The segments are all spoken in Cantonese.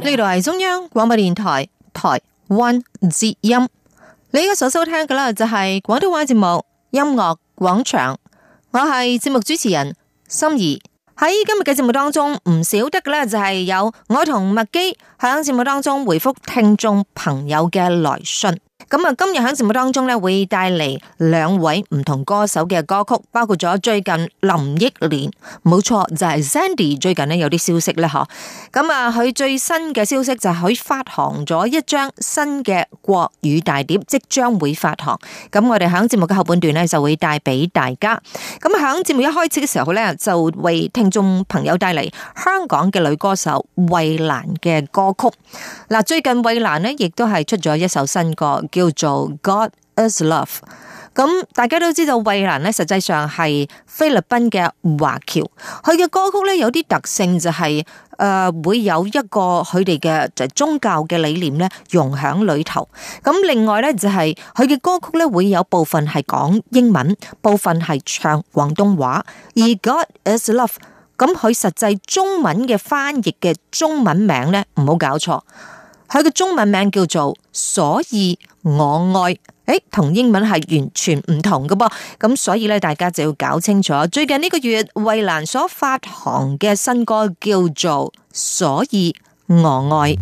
呢度係中央廣播電台台灣之音，你而家所收聽嘅呢，就係廣東話節目《音樂廣場》，我係節目主持人心儀。喺今日嘅節目當中，唔少得嘅呢，就係有我同麥基響節目當中回覆聽眾朋友嘅來信。咁啊，今日喺節目當中咧，會帶嚟兩位唔同歌手嘅歌曲，包括咗最近林憶蓮，冇錯就係 Sandy，最近咧有啲消息咧嗬。咁啊，佢最新嘅消息就係佢發行咗一張新嘅國語大碟，即將會發行。咁我哋喺節目嘅後半段咧，就會帶俾大家。咁喺節目一開始嘅時候咧，就為聽眾朋友帶嚟香港嘅女歌手衛蘭嘅歌曲。嗱，最近衛蘭咧亦都係出咗一首新歌。叫做 God is Love，咁大家都知道，衛蘭咧，實際上係菲律賓嘅華僑，佢嘅歌曲咧有啲特性就係、是，誒、呃、會有一個佢哋嘅就是、宗教嘅理念咧融喺裏頭。咁另外咧就係佢嘅歌曲咧會有部分係講英文，部分係唱廣東話。而 God is Love，咁佢實際中文嘅翻譯嘅中文名咧，唔好搞錯。佢嘅中文名叫做所以我愛，誒，同英文係完全唔同嘅噃，咁所以咧，大家就要搞清楚。最近呢個月，衛蘭所發行嘅新歌叫做所以我愛。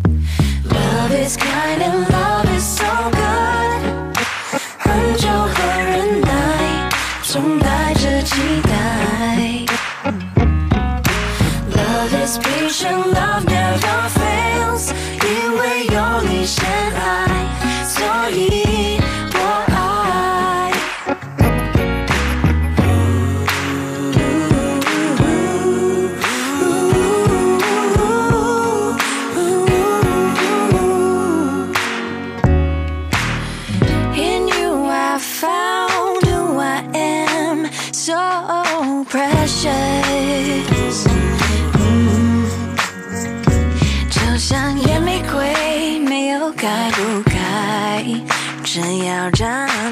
像野玫瑰，沒有開不開，只要張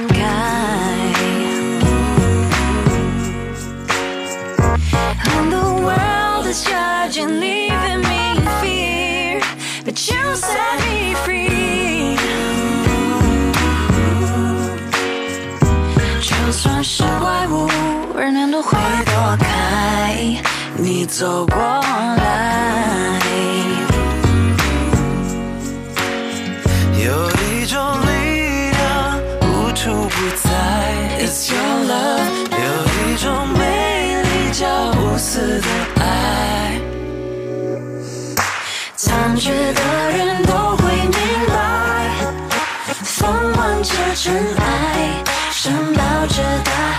開。And the world is judging, leaving me in fear, but you set me free. 就算是怪物，人們都會躲開，你走過來。覺得人都會明白，放慢着塵埃，深抱着愛。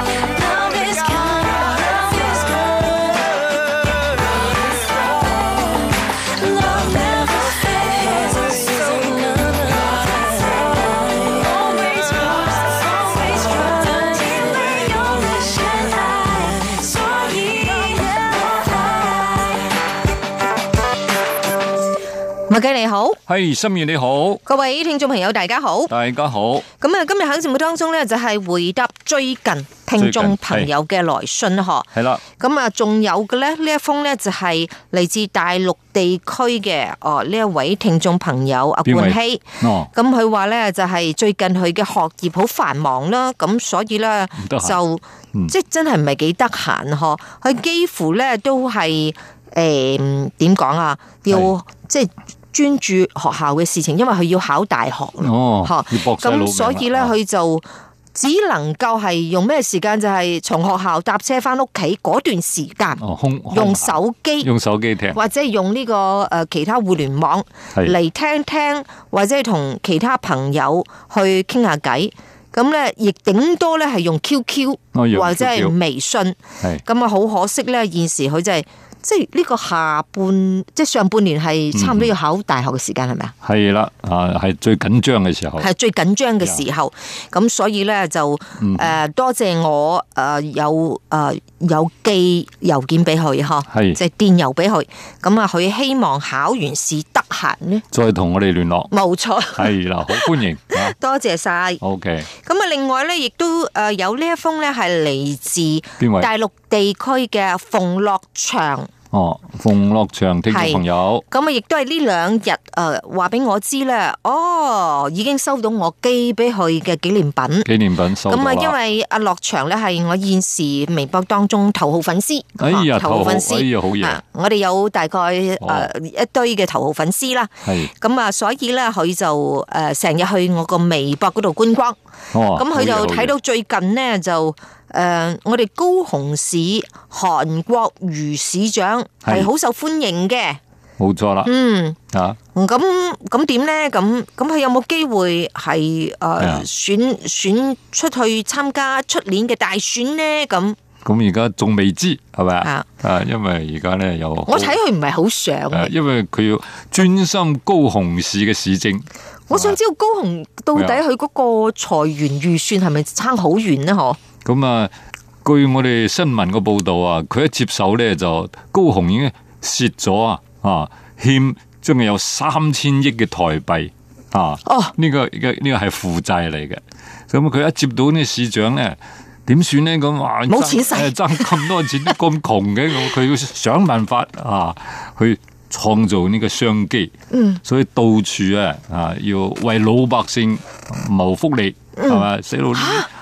麥基你好，係心月你好，各位聽眾朋友大家好，大家好。咁啊，今日喺節目當中呢，就係回答最近聽眾朋友嘅來信呵。係啦，咁啊，仲有嘅呢，呢一封呢，就係嚟自大陸地區嘅哦呢一位聽眾朋友阿冠希，咁佢話呢，就係最近佢嘅學業好繁忙啦，咁所以呢，就即真係唔係幾得閒，佢幾乎呢，都係誒點講啊，要即係。專注學校嘅事情，因為佢要考大學咯，咁、哦嗯、所以咧佢、哦、就只能夠係用咩時間就係從學校搭車翻屋企嗰段時間、哦，用手機，用手機聽，或者用呢、這個誒、呃、其他互聯網嚟聽聽，或者係同其他朋友去傾下偈，咁咧亦頂多咧係用 QQ、哦、用或者係微信，咁啊好可惜咧，現時佢就係、是。即係呢個下半，即係上半年係差唔多要考大學嘅時間，係咪啊？係啦，啊係最緊張嘅時候。係最緊張嘅時候，咁所以咧就誒、呃、多謝我誒、呃、有誒、呃、有寄郵件俾佢嗬，即係、就是、電郵俾佢。咁啊，佢希望考完試得閒咧，再同我哋聯絡。冇錯，係 啦，好歡迎。 多謝晒。OK。咁啊，另外咧亦都誒有呢一封咧係嚟自大陸，邊位。地區嘅馮樂祥哦，馮樂祥聽眾朋友，咁啊，亦都係呢兩日誒，話俾我知啦，哦，已經收到我寄俾佢嘅紀念品，紀念品。咁啊，因為阿樂祥咧係我現時微博當中頭號粉絲，頭號粉絲，啊，我哋有大概誒一堆嘅頭號粉絲啦，係，咁啊，所以咧佢就誒成日去我個微博嗰度觀光，咁佢就睇到最近咧就。誒、uh，我哋高雄市韓國瑜市長係好受歡迎嘅，冇錯啦。嗯吓，咁咁點咧？咁咁佢有冇機會係誒、呃啊、選選出去參加出年嘅大選咧？咁咁而家仲未知係咪啊？啊，因為而家咧有我睇佢唔係好想、啊，因為佢要專心高雄市嘅市政。我想知道高雄到底佢嗰個裁員預算係咪差好遠呢？嗬、啊？咁啊，據我哋新聞嘅報道啊，佢一接手咧就高雄已經蝕咗啊，啊欠，仲有三千億嘅台幣啊，呢、哦呢個呢、呢個呢個係負債嚟嘅。咁佢一接到呢市長咧，點算咧？咁話，冇錢使，爭咁、呃、多錢，咁窮嘅，佢要想辦法啊，去創造呢個商機。嗯，所以到處啊，啊，要為老百姓謀福利。係嘛，細路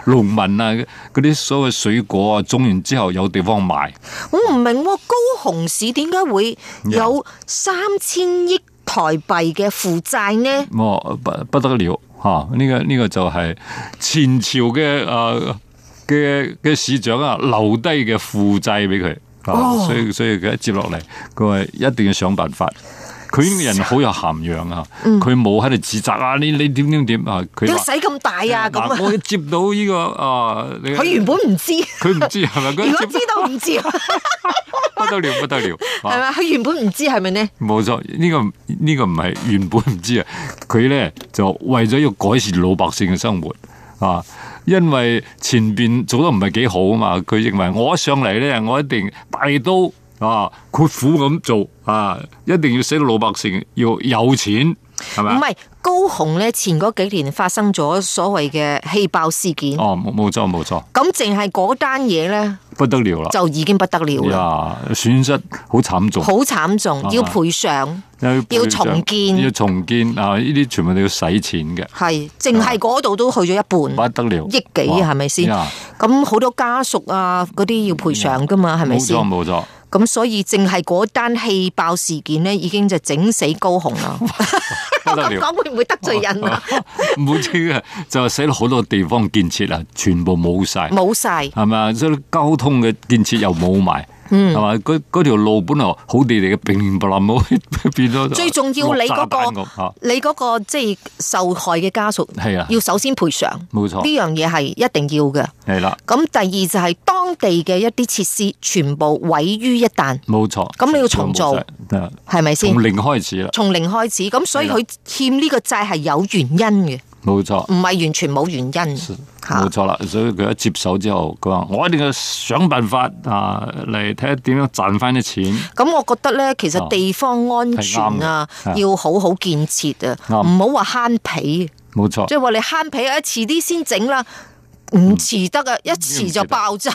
農民啊，嗰啲所謂水果啊，種完之後有地方賣。我唔明白高雄市點解會有三千億台幣嘅負債呢？冇，不、哦、不得了吓！呢、啊這個呢、這個就係前朝嘅誒嘅嘅市長的啊，留低嘅負債俾佢，所以所以佢一接落嚟，佢話一定要想辦法。佢呢個人好有涵養啊！佢冇喺度自責啊！你你點點點啊！佢使咁大啊！嗱、嗯，我接到呢、這個啊，佢原本唔知，佢唔知係咪？ 如果知道唔知道， 不得了，不得了！係咪？佢原本唔知係咪、這個這個、呢？冇錯，呢個呢個唔係原本唔知啊！佢咧就為咗要改善老百姓嘅生活啊，因為前邊做得唔係幾好啊嘛，佢認為我一上嚟咧，我一定大刀。啊，闊斧咁做啊！一定要使到老百姓要有錢，係咪？唔係高雄咧，前嗰幾年發生咗所謂嘅氣爆事件。哦，冇錯冇錯。咁淨係嗰單嘢咧，不得了啦，就已經不得了啦。損失好慘重，好慘重，要賠償，啊，要重建，啊，要，要重建啊！呢啲全部都要使錢嘅。係，淨係嗰度都去咗一半，不得了，億幾係咪先？咁好，啊，多家屬啊，嗰啲要賠償噶嘛，係咪先？冇錯冇錯。咁所以，淨係嗰單氣爆事件咧，已經就整死高雄啦。我咁講會唔會得罪人啊？唔會啊，就係死咗好多地方建設啊，全部冇晒。冇晒，係咪啊？所以交通嘅建設又冇埋。 嗯，係嘛？嗰條條路本來好地地嘅，平平冧冇變咗。最重要你嗰個，你嗰個即係受害嘅家屬係啊，要首先賠償。冇錯，呢樣嘢係一定要嘅。係啦，咁第二就係當地嘅一啲設施全部毀於一旦。冇錯，咁你要重做，係咪先？從零開始啦，從零開始。咁所以佢欠呢個債係有原因嘅。冇錯，唔係完全冇原因。冇錯啦，所以佢一接手之後，佢話我一定要想辦法啊，嚟睇下點樣賺翻啲錢。咁、嗯、我覺得咧，其實地方安全啊，哦、要好好建設啊，唔好話慳皮。冇錯，即係話你慳皮啊，遲啲先整啦。唔遲得啊、嗯，一遲就爆炸。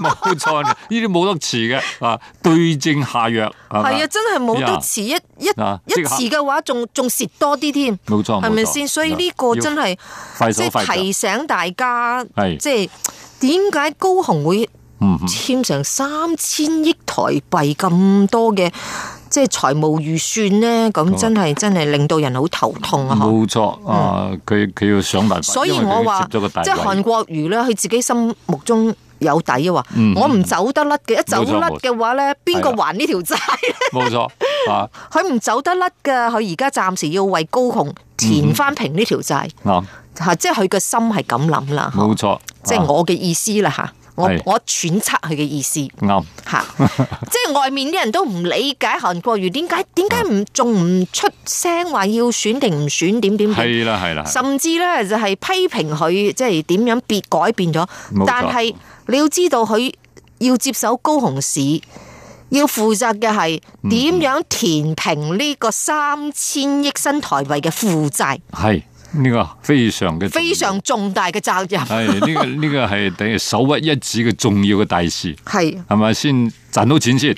冇錯，呢啲冇得遲嘅啊，對症下藥。係啊，真係冇得遲、啊，一、啊、一一遲嘅話，仲仲蝕多啲添。冇錯，係咪先？所以呢個真係即係提醒大家，係即係點解高雄會簽成三千億台幣咁多嘅？即係財務預算咧，咁真係真係令到人好頭痛、嗯、啊！冇錯啊，佢佢要上達，所以我話即係韓國瑜咧，佢自己心目中有底啊！話、嗯、我唔走得甩嘅、嗯，一走甩嘅話咧，邊個還呢條債咧？冇錯 啊！佢唔走得甩嘅，佢而家暫時要為高雄填翻平呢條債、嗯、啊！即係佢個心係咁諗啦！冇錯，即、就、係、是、我嘅意思啦嚇。啊啊我我揣測佢嘅意思啱嚇， 即係外面啲人都唔理解韓國瑜點解點解唔仲唔出聲話要選定唔選點點，係啦係啦，甚至咧就係批評佢即係點樣別改變咗，但係你要知道佢要接手高雄市，要負責嘅係點樣填平呢個 3,、嗯、三千億新台幣嘅負債。係。呢、這個非常嘅非常重大嘅責任，係 呢、這個呢、這個係等於首屈一指嘅重要嘅大事，係，係咪先賺到錢先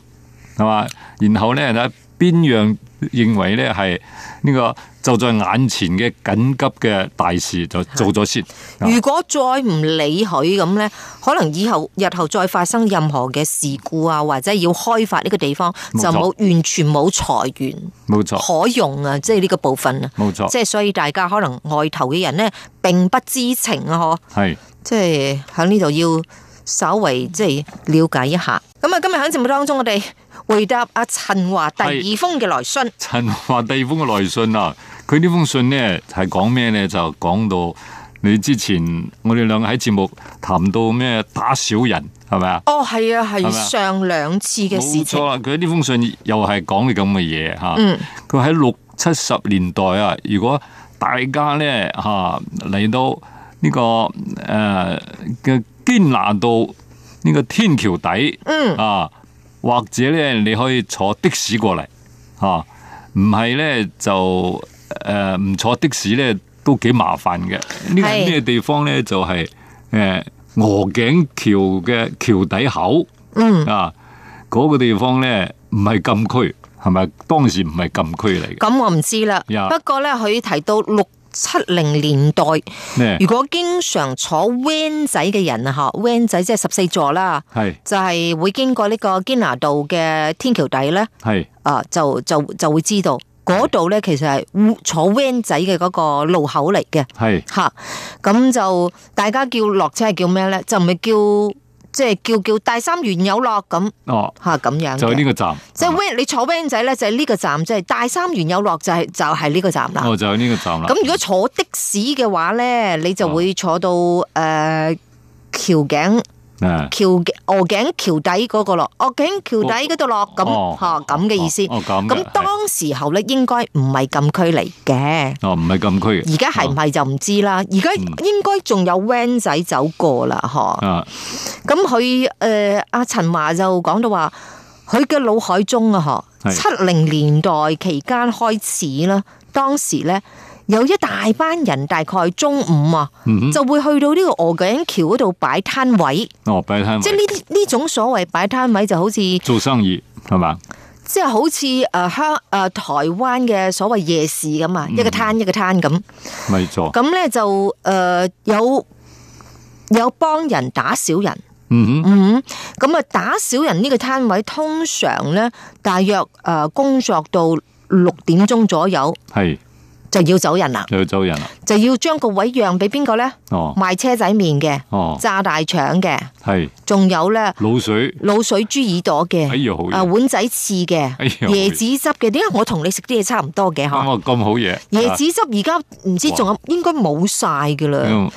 係嘛？然後呢就。邊樣認為咧係呢個就在眼前嘅緊急嘅大事就做咗先。如果再唔理佢咁咧，可能以後日後再發生任何嘅事故啊，或者要開發呢個地方就冇完全冇財源。冇錯，可用啊，即係呢個部分啊。冇錯，即係所以大家可能外頭嘅人咧，並不知情啊，嗬。係，即係喺呢度要稍微即係了解一下。咁啊，今日喺節目當中我哋。回答阿陳華第二封嘅來信。陳華第二封嘅來信啊，佢呢封信呢係講咩呢？就講到你之前我哋兩個喺節目談到咩打小人係咪啊？哦，係啊，係上兩次嘅事情。冇錯啦，佢呢封信又係講嘅咁嘅嘢吓。佢、嗯、喺、啊、六七十年代啊，如果大家呢吓嚟、啊、到呢、這個誒嘅堅拿道呢個天橋底，嗯啊。或者咧，你可以坐的士過嚟，吓唔係咧就誒唔、呃、坐的士咧都幾麻煩嘅。呢、這個咩、這個、地方咧就係誒鵝頸橋嘅橋底口，嗯啊、嗰個地方咧唔係禁區，係咪當時唔係禁區嚟嘅？咁我唔知啦，yeah. 不過咧佢提到六。七零年代，如果經常坐 van 仔嘅人啊，吓 van 仔即係十四座啦，係就係、是、會經過呢個堅拿道嘅天橋底咧，係啊就就就會知道嗰度咧其實係坐 van 仔嘅嗰個路口嚟嘅，係吓咁就大家叫落車係叫咩咧？就唔係叫。即係叫叫大三元有落咁，吓、哦、咁樣就喺呢個站。即、就、係、是、你坐 van 仔咧就喺呢個站，即係、就是、大三元有落就係、是、就係、是、呢個站啦。哦，就喺呢個站啦。咁如果坐的士嘅話咧，你就會坐到誒橋頸。哦呃橋、嗯、頸、鵝頸、橋、哦、底嗰個咯，鵝頸橋底嗰度落咁吓，咁、哦、嘅意思。咁當時候咧，應該唔係禁區嚟嘅。哦，唔係禁區。而家係唔係就唔知啦。而、哦、家應該仲有 van 仔走過啦，吓、嗯。咁佢誒，阿陳華就講到話，佢嘅腦海中啊，吓七零年代期間開始啦，當時咧。有一大班人，大概中午啊，嗯、就會去到呢個鵝頸橋嗰度擺攤位。哦，擺攤位，即係呢啲呢種所謂擺攤位，就好似做生意係嘛？即係好似誒香誒台灣嘅所謂夜市咁啊、嗯，一個攤一個攤咁，冇錯。咁咧就誒、呃、有有幫人打小人，嗯嗯，咁啊打小人呢個攤位通常咧大約誒工作到六點鐘左右，係。就要走人啦！就要走人啦！就要將個位讓俾邊個咧？哦，賣車仔麵嘅，哦炸大腸嘅，係，仲有咧鹵水鹵水豬耳朵嘅，啊、哎呃、碗仔翅嘅、哎，椰子汁嘅，點、哎、解我同你食啲嘢差唔多嘅？嗬、哦，咁啊咁好嘢！椰子汁而家唔知仲有，應該冇晒噶啦。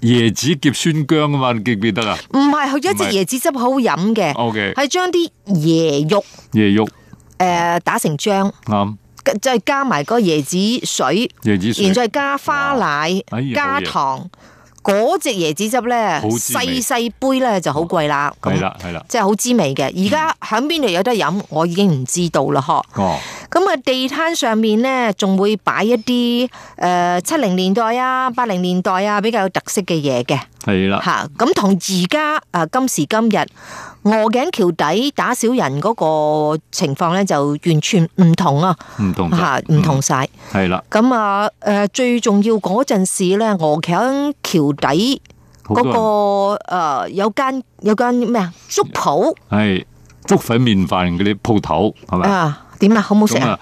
椰子夾酸薑啊嘛，你記唔記得啊！唔係，佢一隻椰子汁好好飲嘅。O K，係將啲椰肉椰肉誒、呃、打成漿。啱、嗯。再加埋個椰子水，椰子水，然再加花奶、哎、加糖，嗰隻、那個、椰子汁咧，細細杯咧就好貴啦。係啦，係啦，即係好滋味嘅。而家喺邊度有得飲，嗯、我已經唔知道啦，嗬。咁啊，地攤上面咧，仲會擺一啲誒七零年代啊、八零年代啊，比較有特色嘅嘢嘅。係啦，吓咁同而家誒今時今日。鵝頸橋底打小人嗰個情況咧，就完全唔同啊，唔同吓，唔同晒係啦。咁啊，誒、嗯呃，最重要嗰陣時咧，鵝頸橋底嗰、那個誒、呃，有間有間咩啊粥鋪係粥粉麵飯嗰啲鋪頭係咪啊，點、呃、啊？好唔好食啊？啊？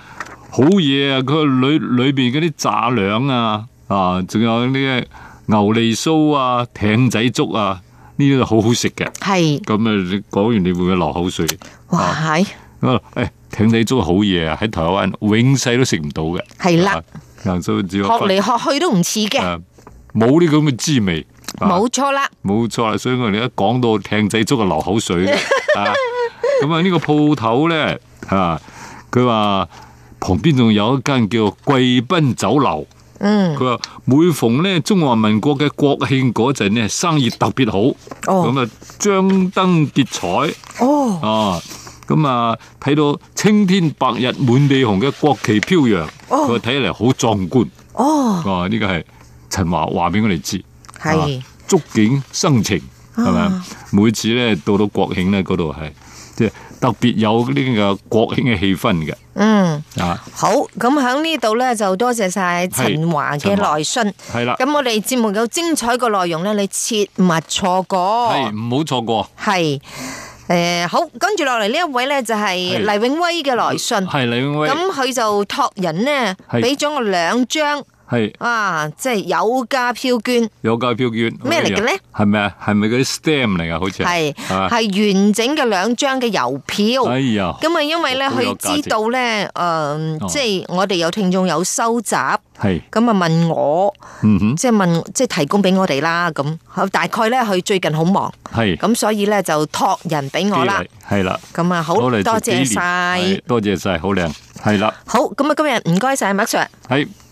好嘢啊！佢裏裏邊嗰啲炸糧啊啊，仲、啊、有呢啲牛脷酥啊、艇仔粥啊。呢啲好好食嘅，係咁啊！你講完你會唔會流口水？哇！係、啊、誒、哎，艇仔粥好嘢啊！喺台灣永世都食唔到嘅，係啦、啊，學嚟學去都唔似嘅，冇呢咁嘅滋味，冇錯啦，冇錯啦！所以我哋一講到艇仔粥就流口水啊！咁 啊，嗯這個、鋪呢個鋪頭咧，啊，佢話旁邊仲有一間叫貴賓酒樓。嗯，佢話每逢咧中華民國嘅國慶嗰陣咧，生意特別好，咁啊張燈結彩，哦，啊，咁啊睇到青天白日滿地紅嘅國旗飄揚，佢話睇嚟好壯觀，哦，啊呢個係陳華話俾我哋知，係，觸、啊、景生情，係咪、啊、每次咧到到國慶咧嗰度係，即係。特別有呢個國慶嘅氣氛嘅，嗯，啊好，咁喺呢度呢就多謝晒陳華嘅來信，係啦，咁我哋節目有精彩嘅內容呢，你切勿錯過，係唔好錯過，係，誒好，跟住落嚟呢一位呢就係黎永威嘅來信，係黎永威，咁佢就託人呢俾咗我兩張。係啊，即係有價票券，有價票券咩嚟嘅咧？係咪啊？係咪嗰啲 stamp 嚟㗎？好似係，係完整嘅兩張嘅郵票。哎呀，咁啊，因為咧佢知道咧，誒，即係我哋有聽眾有收集，係咁啊，問我，嗯哼，即係問，即係提供俾我哋啦。咁大概咧，佢最近好忙，係咁，所以咧就託人俾我啦，係啦。咁啊，好，多謝晒，多謝晒，好靚，係啦。好，咁啊，今日唔該晒，麥基。係。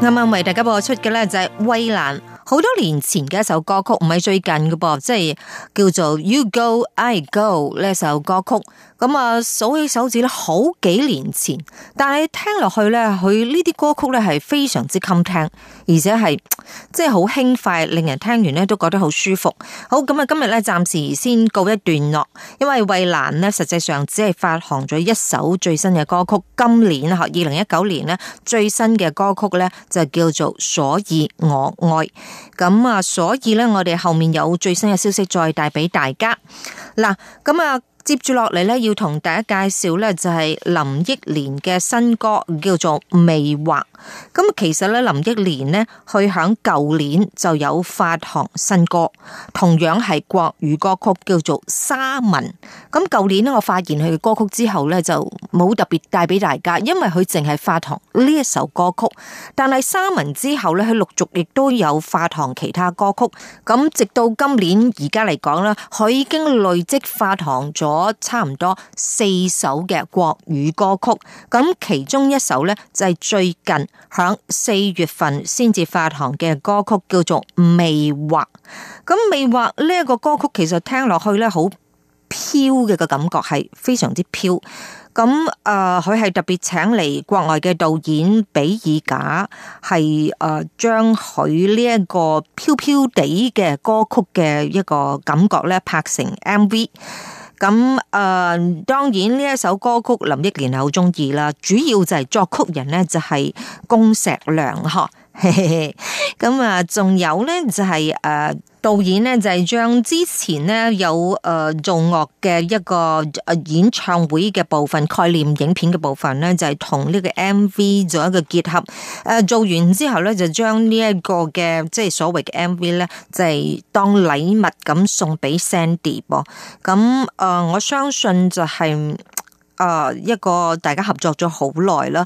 啱啱為大家播出嘅呢就係、是衛蘭，好多年前嘅一首歌曲，唔係最近嘅噃，即係叫做 You Go I Go 呢首歌曲。咁啊，數起手指咧，好幾年前，但係聽落去咧，佢呢啲歌曲咧係非常之襟聽，而且係即係好輕快，令人聽完咧都覺得好舒服。好，咁啊，今日咧暫時先告一段落，因為衛蘭呢，實際上只係發行咗一首最新嘅歌曲，今年啊，二零一九年呢，最新嘅歌曲咧就叫做《所以我愛》。咁啊，所以咧，我哋後面有最新嘅消息再帶俾大家。嗱，咁啊。接住落嚟咧，要同大家介紹咧，就係林憶蓮嘅新歌叫做《魅惑》，咁其實咧，林憶蓮咧，去響舊年就有發行新歌，同樣係國語歌曲，叫做《沙文》。咁舊年咧，我發現佢嘅歌曲之後咧，就冇特別帶俾大家，因為佢淨係發行呢一首歌曲。但係《沙文》之後咧，佢陸續亦都有發行其他歌曲。咁直到今年而家嚟講咧，佢已經累積發行咗。差唔多四首嘅國語歌曲，咁其中一首呢，就係、是、最近響四月份先至發行嘅歌曲，叫做《魅惑》。咁《魅惑》呢一個歌曲其實聽落去呢，好飄嘅個感覺，係非常之飄。咁誒，佢、呃、係特別請嚟國外嘅導演比爾賈，係誒將佢呢一個飄飄地嘅歌曲嘅一個感覺呢，拍成 MV。咁誒、呃，當然呢一首歌曲林憶蓮係好中意啦，主要就係作曲人咧就係、是、恭碩良嚇。嘿嘿，咁啊，仲有咧就係誒導演咧就係將之前咧有誒造樂嘅一個誒演唱會嘅部分概念影片嘅部分咧就係同呢個 M V 做一個結合，誒做完之後咧就將呢一個嘅即係所謂嘅 M V 咧就係當禮物咁送俾 Sandy 噃。咁誒我相信就係誒一個大家合作咗好耐啦。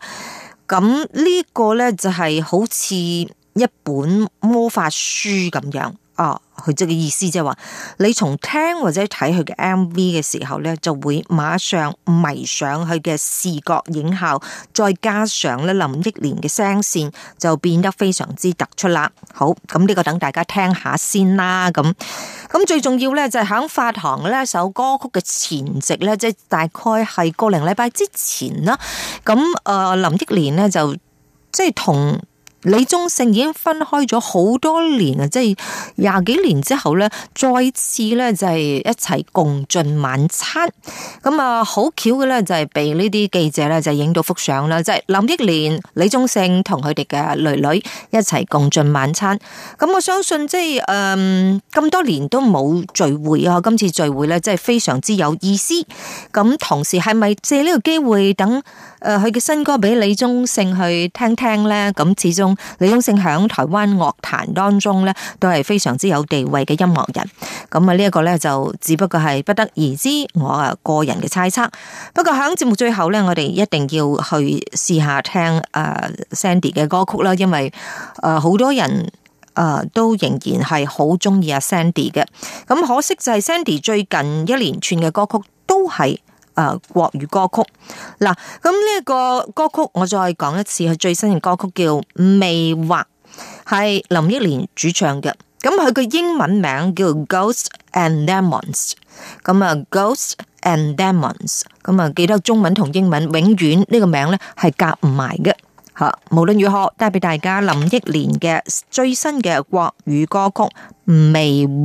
咁呢個咧就係好似一本魔法書咁樣。哦，佢即係意思即係話，你從聽或者睇佢嘅 MV 嘅時候呢，就會馬上迷上佢嘅視覺影效，再加上咧，林憶蓮嘅聲線就變得非常之突出啦。好，咁呢個等大家聽下先啦。咁，咁最重要呢，就係喺發行呢首歌曲嘅前夕呢，即、就、係、是、大概係個零禮拜之前啦。咁，誒、呃，林憶蓮呢，就即係同。就是李宗盛已經分開咗好多年啊，即係廿幾年之後咧，再次咧就係一齊共進晚餐。咁啊，好巧嘅咧就係被呢啲記者咧就影到幅相啦，即係林憶蓮、李宗盛同佢哋嘅女女一齊共進晚餐。咁我相信即係誒咁多年都冇聚會啊，今次聚會咧即係非常之有意思。咁同時係咪借呢個機會等？誒，佢嘅新歌俾李宗盛去聽聽咧，咁始終李宗盛響台灣樂壇當中咧，都係非常之有地位嘅音樂人。咁啊，呢一個咧就只不過係不得而知，我啊個人嘅猜測。不過響節目最後咧，我哋一定要去試下聽 Sandy 嘅歌曲啦，因為誒好多人誒都仍然係好中意阿 Sandy 嘅。咁可惜就係 Sandy 最近一連串嘅歌曲都係。誒、啊，國語歌曲嗱，咁、啊、呢個歌曲我再講一次，佢最新嘅歌曲叫《魅惑》，係林憶蓮主唱嘅。咁佢個英文名叫《Ghosts and Demons》。咁啊，《Ghosts and Demons》咁啊，記得中文同英文永遠呢個名咧係夾唔埋嘅吓。無論如何，帶俾大家林憶蓮嘅最新嘅國語歌曲《魅惑》。